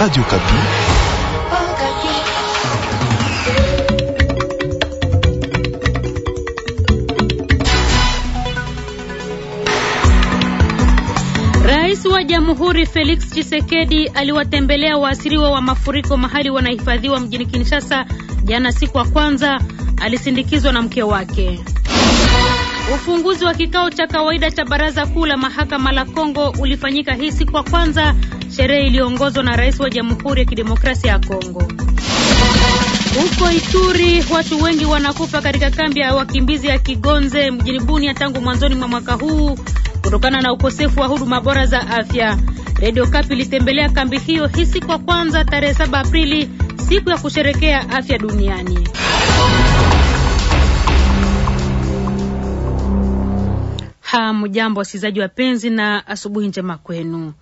Radio Kapi. Rais wa Jamhuri Felix Tshisekedi aliwatembelea waasiriwa wa mafuriko mahali wanahifadhiwa mjini Kinshasa jana siku ya kwanza, alisindikizwa na mke wake. Ufunguzi wa kikao cha kawaida cha baraza kuu la mahakama la Kongo ulifanyika hii siku ya kwanza sherehe iliyoongozwa na rais wa Jamhuri ya Kidemokrasia ya Kongo. Huko Ituri, watu wengi wanakufa katika kambi ya wakimbizi ya Kigonze mjini Bunia tangu mwanzoni mwa mwaka huu kutokana na ukosefu wa huduma bora za afya. Radio Kapi ilitembelea kambi hiyo hii siku ya kwanza tarehe 7 Aprili, siku ya kusherekea afya duniani. Hamjambo wasikilizaji wapenzi, na asubuhi njema kwenu.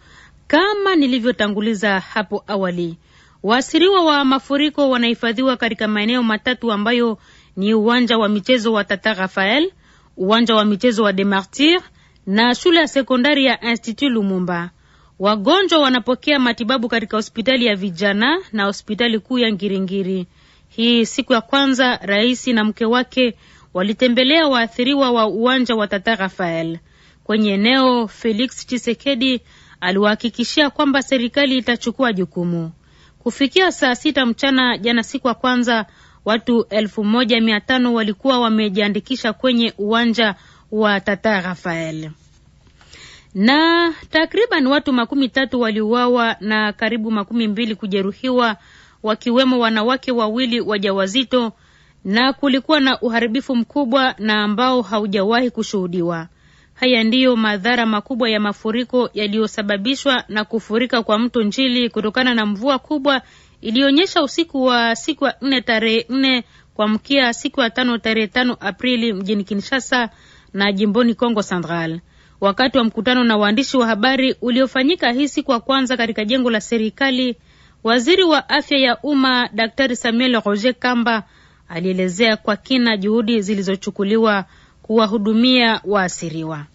Kama nilivyotanguliza hapo awali, waasiriwa wa mafuriko wanahifadhiwa katika maeneo matatu ambayo ni uwanja wa michezo wa Tata Rafael, uwanja wa michezo wa Demartir na shule ya sekondari ya Institut Lumumba. Wagonjwa wanapokea matibabu katika hospitali ya vijana na hospitali kuu ya Ngiringiri. Hii siku ya kwanza, rais na mke wake walitembelea waathiriwa wa uwanja wa Tata Rafael kwenye eneo Felix chisekedi aliwahakikishia kwamba serikali itachukua jukumu. Kufikia saa sita mchana jana, siku ya kwanza, watu elfu moja mia tano walikuwa wamejiandikisha kwenye uwanja wa Tata Rafael na takriban watu makumi tatu waliuawa na karibu makumi mbili kujeruhiwa wakiwemo wanawake wawili wajawazito, na kulikuwa na uharibifu mkubwa na ambao haujawahi kushuhudiwa. Haya ndiyo madhara makubwa ya mafuriko yaliyosababishwa na kufurika kwa mto Njili kutokana na mvua kubwa iliyoonyesha usiku wa siku ya nne tarehe nne kuamkia siku ya tano tarehe tano Aprili mjini Kinshasa na jimboni congo Central. Wakati wa mkutano na waandishi wa habari uliofanyika hii siku ya kwanza katika jengo la serikali, waziri wa afya ya umma Daktari Samuel Roger Kamba alielezea kwa kina juhudi zilizochukuliwa kuwahudumia waasiriwa.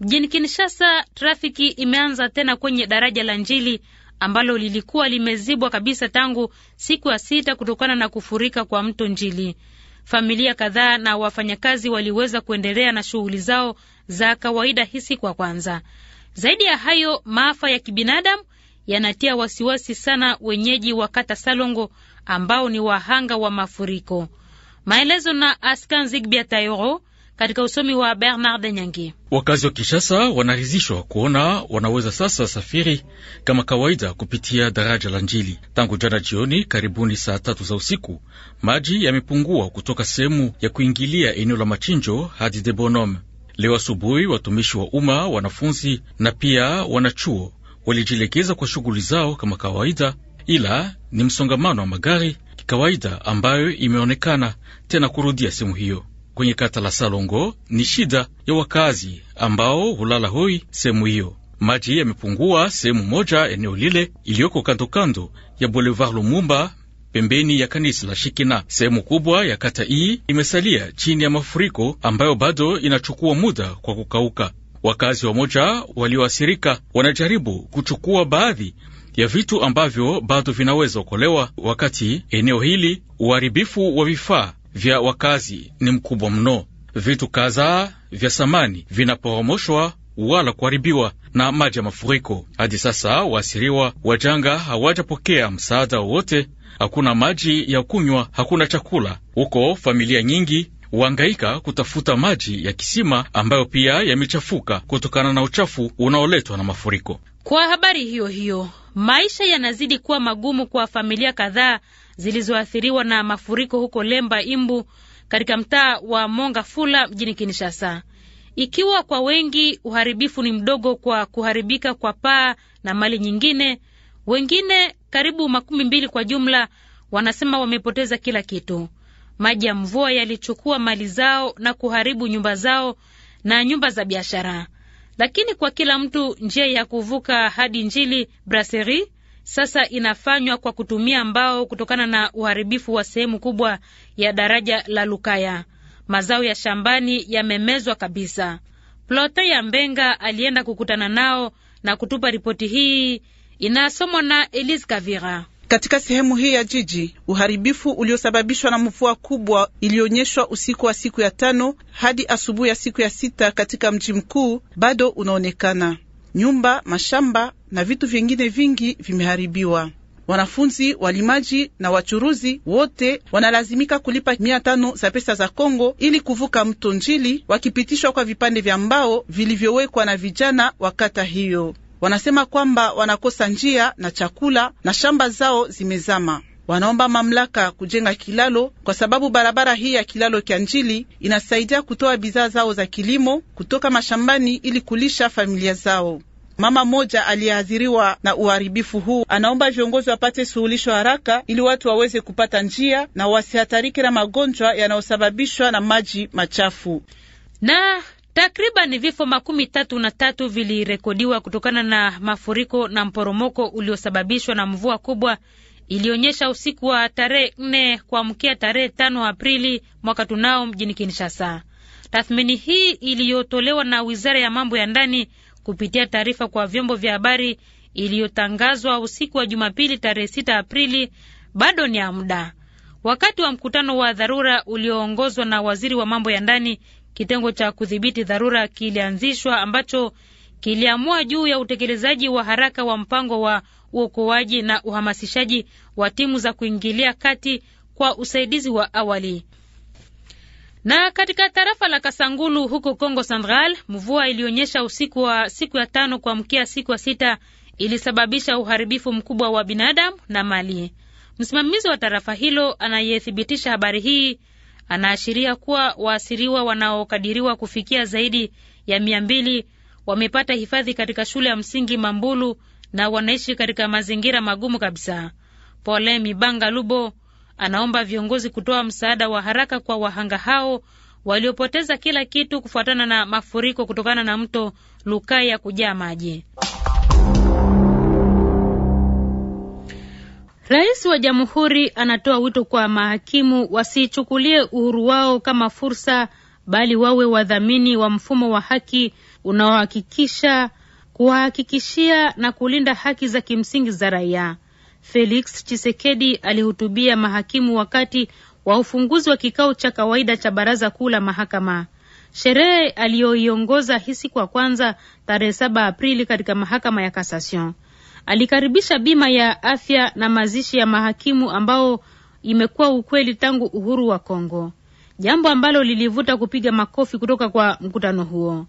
Mjini Kinshasa, trafiki imeanza tena kwenye daraja la Njili ambalo lilikuwa limezibwa kabisa tangu siku ya sita kutokana na kufurika kwa mto Njili. Familia kadhaa na wafanyakazi waliweza kuendelea na shughuli zao za kawaida hii siku ya kwanza. Zaidi ya hayo, maafa ya kibinadamu yanatia wasiwasi sana wenyeji wa kata Salongo ambao ni wahanga wa mafuriko. Maelezo na Zigbia Tayoro katika usomi wa Bernard Nyangi. Wakazi wa Kishasa wanaridhishwa kuona wanaweza sasa safiri kama kawaida kupitia daraja la Njili. Tangu jana jioni karibuni saa tatu za usiku, maji yamepungua kutoka sehemu ya kuingilia eneo la machinjo hadi Debonom. Leo asubuhi, watumishi wa umma, wanafunzi na pia wanachuo walijielekeza kwa shughuli zao kama kawaida, ila ni msongamano wa magari kikawaida ambayo imeonekana tena kurudia sehemu hiyo kwenye kata la Salongo. Ni shida ya wakazi ambao hulala hoi sehemu hiyo. Maji yamepungua sehemu moja eneo lile iliyoko kandokando ya Boulevard Lumumba pembeni ya kanisa la Shikina. Sehemu kubwa ya kata hii imesalia chini ya mafuriko ambayo bado inachukua muda kwa kukauka. Wakazi wa moja walioathirika wanajaribu kuchukua baadhi ya vitu ambavyo bado vinaweza okolewa, wakati eneo hili uharibifu wa vifaa vya wakazi ni mkubwa mno. Vitu kadhaa vya samani vinaporomoshwa wala kuharibiwa na maji ya mafuriko. Hadi sasa waasiriwa wa janga hawajapokea msaada wowote. Hakuna maji ya kunywa, hakuna chakula. Huko familia nyingi wangaika kutafuta maji ya kisima ambayo pia yamechafuka kutokana na uchafu unaoletwa na mafuriko. Kwa habari hiyo hiyo, maisha yanazidi kuwa magumu kwa familia kadhaa zilizoathiriwa na mafuriko huko Lemba Imbu katika mtaa wa Monga Fula mjini Kinshasa. Ikiwa kwa wengi uharibifu ni mdogo kwa kuharibika kwa paa na mali nyingine, wengine karibu makumi mbili kwa jumla wanasema wamepoteza kila kitu. Maji ya mvua yalichukua mali zao na kuharibu nyumba zao na nyumba za biashara lakini kwa kila mtu njia ya kuvuka hadi Njili Brasserie sasa inafanywa kwa kutumia mbao kutokana na uharibifu wa sehemu kubwa ya daraja la Lukaya. Mazao ya shambani yamemezwa kabisa. Plote ya Mbenga alienda kukutana nao na kutupa ripoti hii, inasomwa na Elise Kavira. Katika sehemu hii ya jiji, uharibifu uliosababishwa na mvua kubwa iliyoonyeshwa usiku wa siku ya tano hadi asubuhi ya siku ya sita katika mji mkuu bado unaonekana. Nyumba, mashamba na vitu vingine vingi vimeharibiwa. Wanafunzi, walimaji na wachuruzi wote wanalazimika kulipa mia tano za pesa za Kongo ili kuvuka mto Njili, wakipitishwa kwa vipande vya mbao vilivyowekwa na vijana wa kata hiyo. Wanasema kwamba wanakosa njia na chakula na shamba zao zimezama. Wanaomba mamlaka kujenga kilalo kwa sababu barabara hii ya kilalo kya Njili inasaidia kutoa bidhaa zao za kilimo kutoka mashambani ili kulisha familia zao. Mama mmoja aliyeathiriwa na uharibifu huu anaomba viongozi wapate suluhisho haraka ili watu waweze kupata njia na wasihatarike na magonjwa yanayosababishwa na maji machafu na Takriban vifo makumi tatu na tatu vilirekodiwa kutokana na mafuriko na mporomoko uliosababishwa na mvua kubwa ilionyesha usiku wa tarehe 4 kuamkia tarehe 5 Aprili mwaka tunao mjini Kinshasa. Tathmini hii iliyotolewa na wizara ya mambo ya ndani kupitia taarifa kwa vyombo vya habari iliyotangazwa usiku wa Jumapili tarehe 6 Aprili bado ni ya muda, wakati wa mkutano wa dharura ulioongozwa na waziri wa mambo ya ndani Kitengo cha kudhibiti dharura kilianzishwa ambacho kiliamua juu ya utekelezaji wa haraka wa mpango wa uokoaji na uhamasishaji wa timu za kuingilia kati kwa usaidizi wa awali. Na katika tarafa la Kasangulu huko congo Central, mvua ilionyesha usiku wa siku ya tano kuamkia siku ya sita ilisababisha uharibifu mkubwa wa binadamu na mali. Msimamizi wa tarafa hilo anayethibitisha habari hii Anaashiria kuwa waasiriwa wanaokadiriwa kufikia zaidi ya mia mbili wamepata hifadhi katika shule ya msingi Mambulu na wanaishi katika mazingira magumu kabisa. Pole Mibanga Lubo anaomba viongozi kutoa msaada wa haraka kwa wahanga hao waliopoteza kila kitu kufuatana na mafuriko kutokana na mto Lukaya kujaa maji. Rais wa Jamhuri anatoa wito kwa mahakimu wasichukulie uhuru wao kama fursa, bali wawe wadhamini wa mfumo wa haki unaohakikisha kuwahakikishia na kulinda haki za kimsingi za raia. Felix Chisekedi alihutubia mahakimu wakati wa ufunguzi wa kikao cha kawaida cha baraza kuu la mahakama. Sherehe aliyoiongoza hii siku ya kwanza tarehe 7 Aprili katika mahakama ya Kasasion alikaribisha bima ya afya na mazishi ya mahakimu ambao imekuwa ukweli tangu uhuru wa Kongo, jambo ambalo lilivuta kupiga makofi kutoka kwa mkutano huo.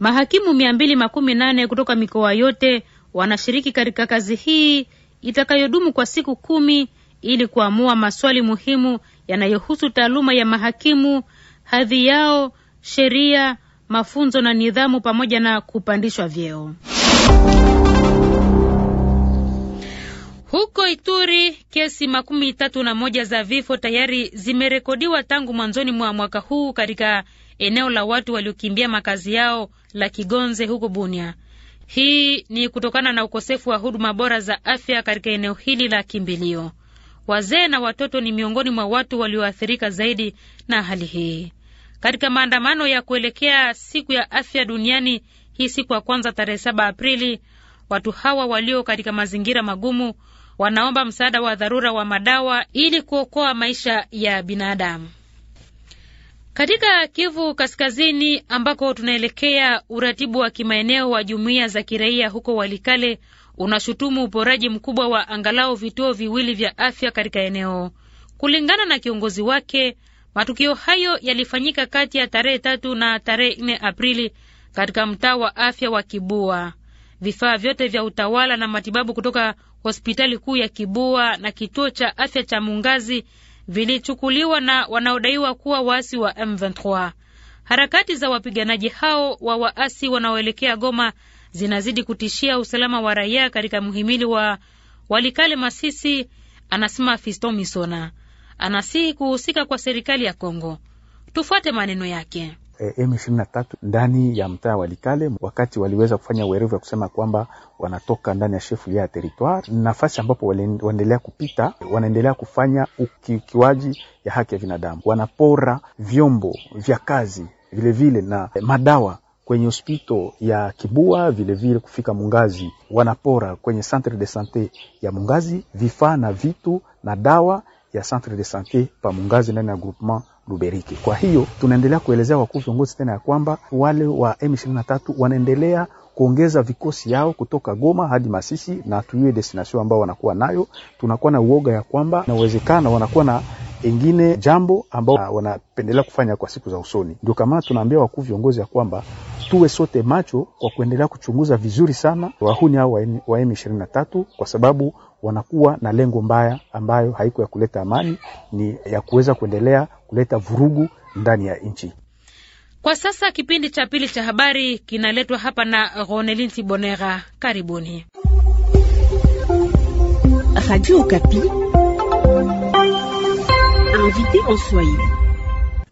Mahakimu mia mbili makumi nane kutoka mikoa yote wanashiriki katika kazi hii itakayodumu kwa siku kumi ili kuamua maswali muhimu yanayohusu taaluma ya mahakimu, hadhi yao, sheria, mafunzo na nidhamu, pamoja na kupandishwa vyeo. Huko Ituri kesi makumi tatu na moja za vifo tayari zimerekodiwa tangu mwanzoni mwa mwaka huu katika eneo la watu waliokimbia makazi yao la Kigonze huko Bunia. Hii ni kutokana na ukosefu wa huduma bora za afya katika eneo hili la kimbilio. Wazee na watoto ni miongoni mwa watu walioathirika zaidi na hali hii. Katika maandamano ya kuelekea siku ya afya duniani hii siku ya kwanza tarehe 7 Aprili, watu hawa walio katika mazingira magumu wanaomba msaada wa dharura wa madawa ili kuokoa maisha ya binadamu. Katika Kivu Kaskazini ambako tunaelekea, uratibu wa kimaeneo wa jumuiya za kiraia huko Walikale unashutumu uporaji mkubwa wa angalau vituo viwili vya afya katika eneo. Kulingana na kiongozi wake, matukio hayo yalifanyika kati ya tarehe tatu na tarehe nne Aprili katika mtaa wa afya wa Kibua. Vifaa vyote vya utawala na matibabu kutoka hospitali kuu ya Kibua na kituo cha afya cha Mungazi vilichukuliwa na wanaodaiwa kuwa waasi wa M23. Harakati za wapiganaji hao wa waasi wanaoelekea Goma zinazidi kutishia usalama wa raia katika mhimili wa Walikale Masisi, anasema fisto Misona. Anasihi kuhusika kwa serikali ya Kongo. Tufuate maneno yake. Eh, M23 ndani ya mtaa wa Likale, wakati waliweza kufanya uherevu ya kusema kwamba wanatoka ndani ya shefu ya territoire, nafasi ambapo wanaendelea kupita, wanaendelea kufanya ukiukiwaji ya haki ya binadamu, wanapora vyombo vya kazi vilevile vile na madawa kwenye hospito ya Kibua vilevile vile kufika Mungazi, wanapora kwenye centre de sante ya Mungazi vifaa na vitu na dawa ya centre de sante pa Mungazi ndani ya groupement Luberiki. Kwa hiyo tunaendelea kuelezea wakuu viongozi tena ya kwamba wale wa M23 wanaendelea kuongeza vikosi yao kutoka Goma hadi Masisi na tuiwe destination ambao wanakuwa nayo. Tunakuwa na uoga ya kwamba inawezekana wanakuwa na ingine jambo ambao ah, wanapendelea kufanya kwa siku za usoni. Ndio kama tunaambia wakuu viongozi ya kwamba tuwe sote macho kwa kuendelea kuchunguza vizuri sana wahuni hao wa M23 kwa sababu wanakuwa na lengo mbaya ambayo haiko ya kuleta amani, ni ya kuweza kuendelea kuleta vurugu ndani ya nchi. Kwa sasa kipindi cha pili cha habari kinaletwa hapa na Ronelin Tibonera. Karibuni Radio Okapi,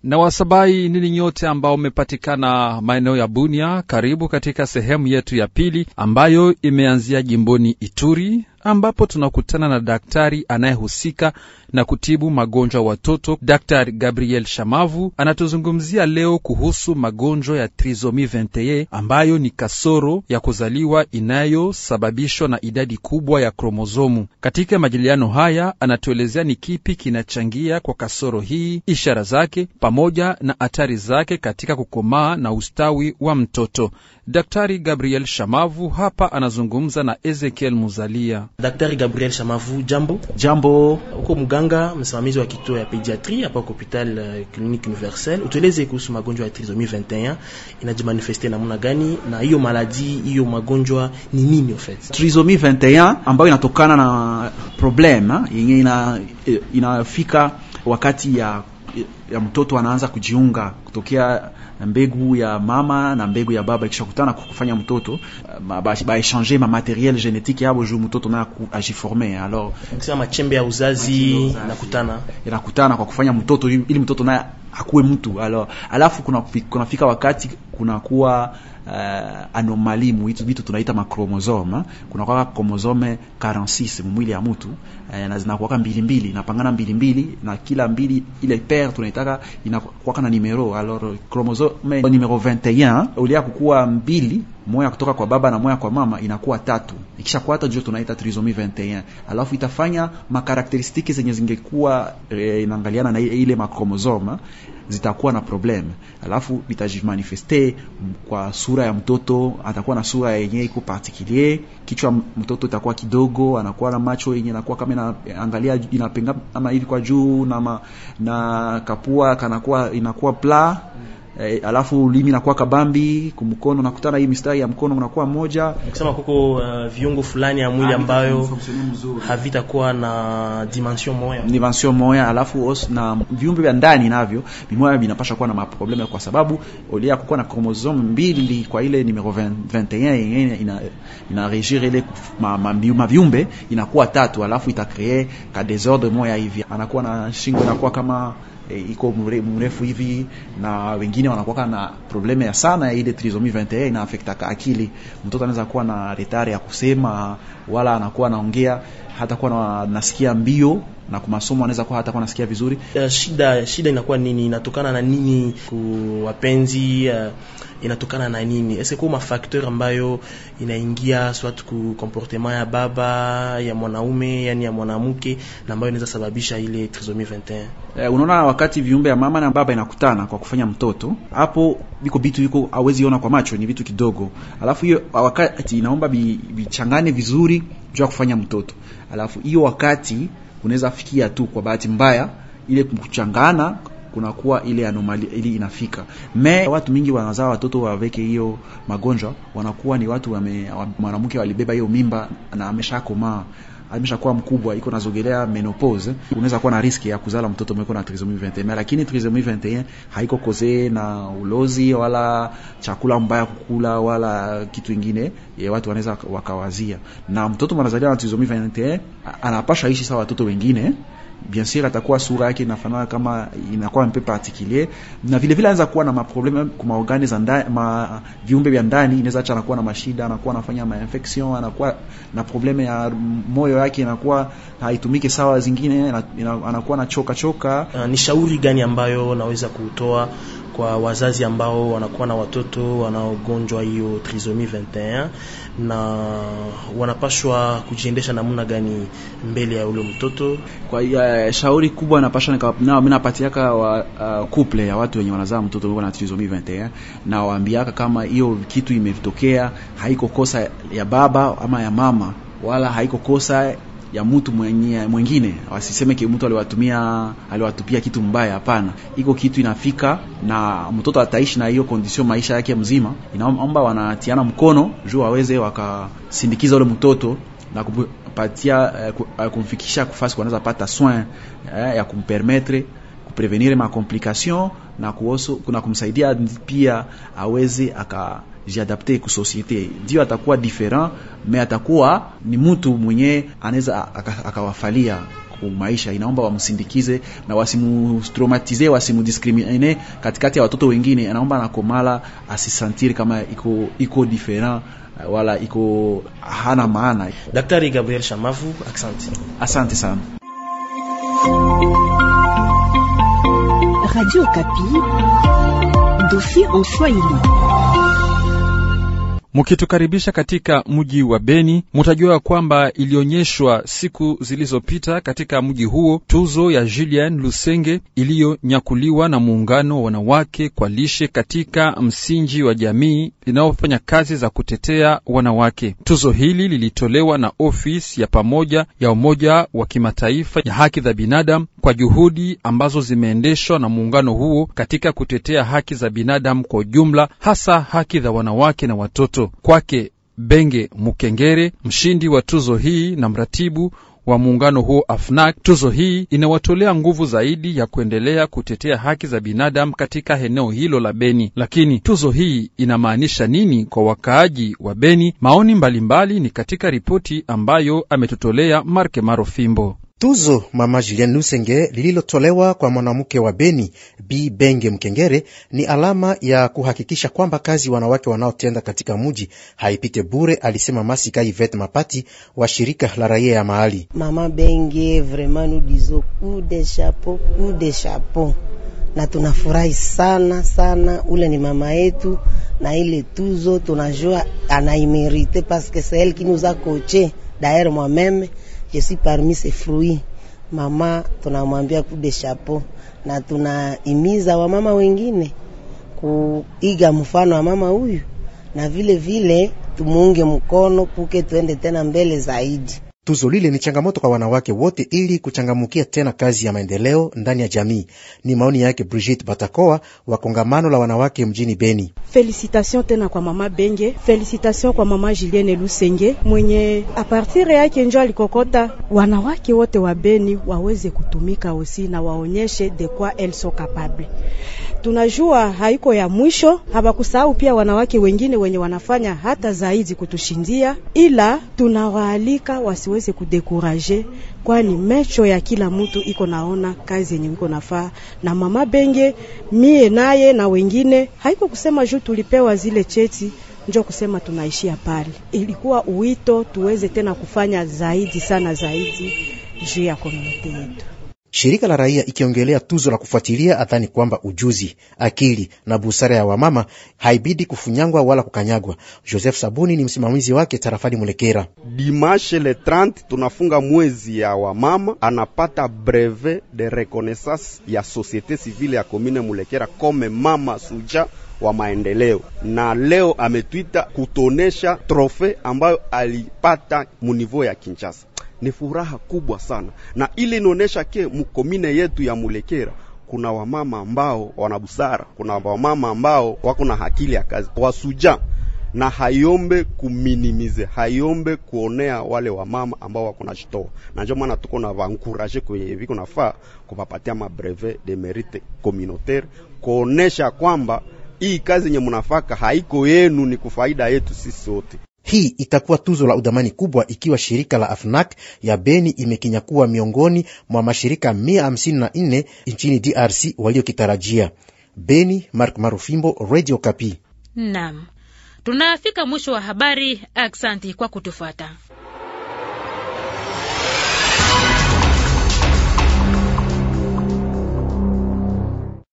Na wasabai nini nyote ambao mmepatikana maeneo ya Bunia, karibu katika sehemu yetu ya pili ambayo imeanzia jimboni Ituri ambapo tunakutana na daktari anayehusika na kutibu magonjwa watoto. Daktari Gabriel Shamavu anatuzungumzia leo kuhusu magonjwa ya trisomi 21 ambayo ni kasoro ya kuzaliwa inayosababishwa na idadi kubwa ya kromozomu. Katika majadiliano haya, anatuelezea ni kipi kinachangia kwa kasoro hii, ishara zake pamoja na hatari zake katika kukomaa na ustawi wa mtoto. Daktari Gabriel Shamavu hapa anazungumza na Ezekiel Muzalia. Daktari Gabriel Shamavu, jambo. Jambo. Uko mganga msimamizi wa kituo ya pediatri hapa kwa hospital euh, clinique universelle. Utueleze kuhusu magonjwa ya trisomie 21 inajimanifeste namna gani na hiyo maladi hiyo magonjwa ni nini en fait? Trisomie 21 ambayo inatokana na problema yenye eh, inafika wakati ya ya mtoto anaanza kujiunga kutokea mbegu ya mama na mbegu ya baba ikishakutana kufanya mtoto baechange ma materiel genetique yabo juu mtoto na ajiforme. Alors machembe ya uzazi inakutana inakutana kwa kufanya mtoto, ili mtoto naye akuwe mtu alo, alafu kuna, kunafika wakati kunakuwa uh, eh, anomali mwitu vitu tunaita makromosome eh. kwa kromosome 46 mwili ya mtu eh, na zinakuwa mbili mbili inapangana mbili mbili na kila mbili ile pair tunaitaka inakuwa na numero alors chromosome numero 21 ulia kukua mbili moya kutoka kwa baba na moya kwa mama inakuwa tatu. Ikishakuwa tatu ndio tunaita trisomy 21. Alafu itafanya makarakteristiki zenye zingekuwa e, inaangaliana na ile makromosoma zitakuwa na problem, alafu itajimanifeste kwa sura ya mtoto. Atakuwa na sura yenye iko particulier, kichwa mtoto itakuwa kidogo, anakuwa na macho yenye inakuwa kama inaangalia inapenga ama hivi kwa juu na, ma, na kapua kanakuwa inakuwa pla E, alafu limi nakuwa kabambi kumkono, nakutana hii mistari ya mkono unakuwa moja. Nikisema kuko uh, eh, viungo fulani ya mwili ambayo havitakuwa na dimension moja, dimension moja, alafu os, na viumbe vya ndani navyo mimoya vinapasha kuwa na maproblema, kwa sababu olia kukuwa na chromosome mbili kwa ile numero 21 yenyewe ina, ina regir ile ma, ma, ma viumbe inakuwa tatu, alafu itakreer ka desordre moja hivi, anakuwa na shingo inakuwa kama e, iko mrefu hivi, na wengine wanakuwa na probleme ya sana ya ile trisomy 21 inaafektaka akili. Mtoto anaweza kuwa na retard ya kusema wala anakuwa anaongea hatakuwa na, nasikia mbio na kwa masomo anaweza kuwa hatakuwa nasikia vizuri. Uh, shida shida inakuwa nini? Inatokana na nini kuwapenzi? Uh, inatokana na nini? Ese kwa mafaktor ambayo inaingia swat ku comportement ya baba ya mwanaume yani ya mwanamke na ambayo inaweza sababisha ile trisomie 21. Uh, unaona wakati viumbe ya mama na baba inakutana kwa kufanya mtoto, hapo biko vitu yuko hawezi ona kwa macho, ni vitu kidogo, alafu hiyo wakati inaomba bichangane bi vizuri juu ya kufanya mtoto. Alafu hiyo wakati unaweza fikia tu kwa bahati mbaya ile kuchangana kunakuwa ile anomali ili inafika me watu mingi wanazaa watoto waweke hiyo magonjwa, wanakuwa ni watu wame, mwanamke walibeba hiyo mimba na ameshakomaa ameshakuwa mkubwa, iko nazogelea menopause, unaweza kuwa na riski ya kuzala mtoto mweko na trisomy 21, lakini trisomy 21 haiko koze na ulozi wala chakula mbaya kukula wala kitu ingine ye watu wanaweza wakawazia, na mtoto mwanazaliwa na trisomy 21 anapasha ishi sawa watoto wengine bien sûr atakuwa sura yake inafanana kama inakuwa mpe particulier, na vile vile anaweza kuwa na maprobleme kwa organi za ndani, ma viumbe vya ndani, inaweza acha anakuwa na mashida, anakuwa anafanya ma infection, anakuwa na probleme ya moyo yake inakuwa haitumiki sawa, zingine anakuwa na choka choka. Ah, ni shauri gani ambayo naweza kutoa kwa wazazi ambao wanakuwa na watoto wanaogonjwa hiyo trisomi 21 na wanapashwa kujiendesha namna gani mbele ya ule mtoto. Kwa ya, eh, shauri kubwa napashwa nao mimi wa uh, couple ya watu wenye wanazaa mtoto na trisomi 21 na waambiaka kama hiyo kitu imetokea haiko kosa ya baba ama ya mama wala haiko kosa ya mtu mwengine, wasiseme ke mtu aliwatumia aliwatupia kitu mbaya. Hapana, iko kitu inafika na mtoto ataishi na hiyo kondisio maisha yake mzima. Inaomba wanatiana mkono juu waweze wakasindikiza ule mtoto na kupatia eh, eh, kumfikisha kufasi kwanaweza pata soin eh, ya kumpermetre kuprevenir complication na kuoso, kuna kumsaidia pia aweze aka jiadapte ku societe. Dieu atakuwa diferent, me atakuwa ni mtu mwenye anaweza akawafalia maisha inaomba wamsindikize na wasimutraumatize, wasimudiskrimine katikati ya watoto wengine. Anaomba nakomala asisantiri kama iko iko diferent eh, wala iko hana maana. Daktari Gabriel Shamavu, asante, asante sana. Radio Kapi, dofi en Swahili. Mukitukaribisha katika mji wa Beni, mutajua kwamba ilionyeshwa siku zilizopita katika mji huo tuzo ya Julien Lusenge iliyonyakuliwa na muungano wa wanawake kwa lishe katika msingi wa jamii inayofanya kazi za kutetea wanawake. Tuzo hili lilitolewa na ofisi ya pamoja ya Umoja wa Kimataifa ya Haki za Binadamu kwa juhudi ambazo zimeendeshwa na muungano huo katika kutetea haki za binadamu kwa ujumla, hasa haki za wanawake na watoto. Kristo. Kwake Benge Mukengere, mshindi wa tuzo hii na mratibu wa muungano huo AFNAC, tuzo hii inawatolea nguvu zaidi ya kuendelea kutetea haki za binadamu katika eneo hilo la Beni. Lakini tuzo hii inamaanisha nini kwa wakaaji wa Beni? Maoni mbalimbali mbali ni katika ripoti ambayo ametutolea Marke Marofimbo. Tuzo Mama Julien Lusenge lililotolewa kwa mwanamke wa Beni Bi Benge Mkengere ni alama ya kuhakikisha kwamba kazi wanawake wanaotenda katika muji haipite bure, alisema Masika Ivet Mapati wa shirika la raia ya mahali. Mama Benge vraiment nous disons coup de chapeau, coup de chapeau, na tunafurahi sana sana, ule ni mama yetu na ile tuzo tunajua anaimerite parce que c'est elle qui nous a coaché d'ailleurs moi-même Je suis parmi ces fruits. Mama tunamwambia kude chapeau, na tunahimiza wamama wengine kuiga mfano wa mama huyu, na vile vile tumuunge mkono puke, tuende tena mbele zaidi. Tuzo lile ni changamoto kwa wanawake wote ili kuchangamukia tena kazi ya maendeleo ndani ya jamii. Ni maoni yake Brigitte Batakoa wa kongamano la wanawake mjini Beni. Felicitation tena kwa mama Benge, felicitation kwa mama Julienne Lusenge mwenye apartire yake njo alikokota wanawake wote wa Beni waweze kutumika osi na waonyeshe de quoi elles sont capables tunajua haiko ya mwisho. Hawakusahau pia wanawake wengine wenye wanafanya hata zaidi kutushindia, ila tunawaalika wasiweze kudekuraje, kwani mecho ya kila mtu iko naona kazi yenye iko nafaa. Na mama Benge, mie naye na wengine, haiko kusema juu tulipewa zile cheti njo kusema tunaishia pale. Ilikuwa uwito tuweze tena kufanya zaidi sana zaidi juu ya komuniti yetu. Shirika la raia ikiongelea tuzo la kufuatilia adhani kwamba ujuzi, akili na busara ya wamama haibidi kufunyangwa wala kukanyagwa. Joseph Sabuni ni msimamizi wake tarafani Mulekera. dimashe le 30 tunafunga mwezi ya wamama, anapata brevet de reconnaissance ya societe civile ya komine Mulekera kome mama suja wa maendeleo na leo ametwita kutonesha trofe ambayo alipata munivo ya Kinshasa ni furaha kubwa sana, na ili inaonyesha ke mkomine yetu ya Mulekera kuna wamama ambao wana busara, kuna wamama ambao wako na hakili ya kazi, wasuja na hayombe kuminimize, hayombe kuonea wale wamama ambao wako na shitoa, na ndio maana tuko na vankuraje kwenye viko nafaa kupapatia mabreve de merite communautaire kuonesha kwamba hii kazi yenye mnafaka haiko yenu, ni kufaida yetu sisi sote. Hii itakuwa tuzo la udhamani kubwa ikiwa shirika la AFNAC ya Beni imekinyakua miongoni mwa mashirika 154 nchini DRC waliokitarajia. Beni, Mark Marufimbo, Radio Kapi. Naam, tunafika mwisho wa habari. Aksanti kwa kutufuata.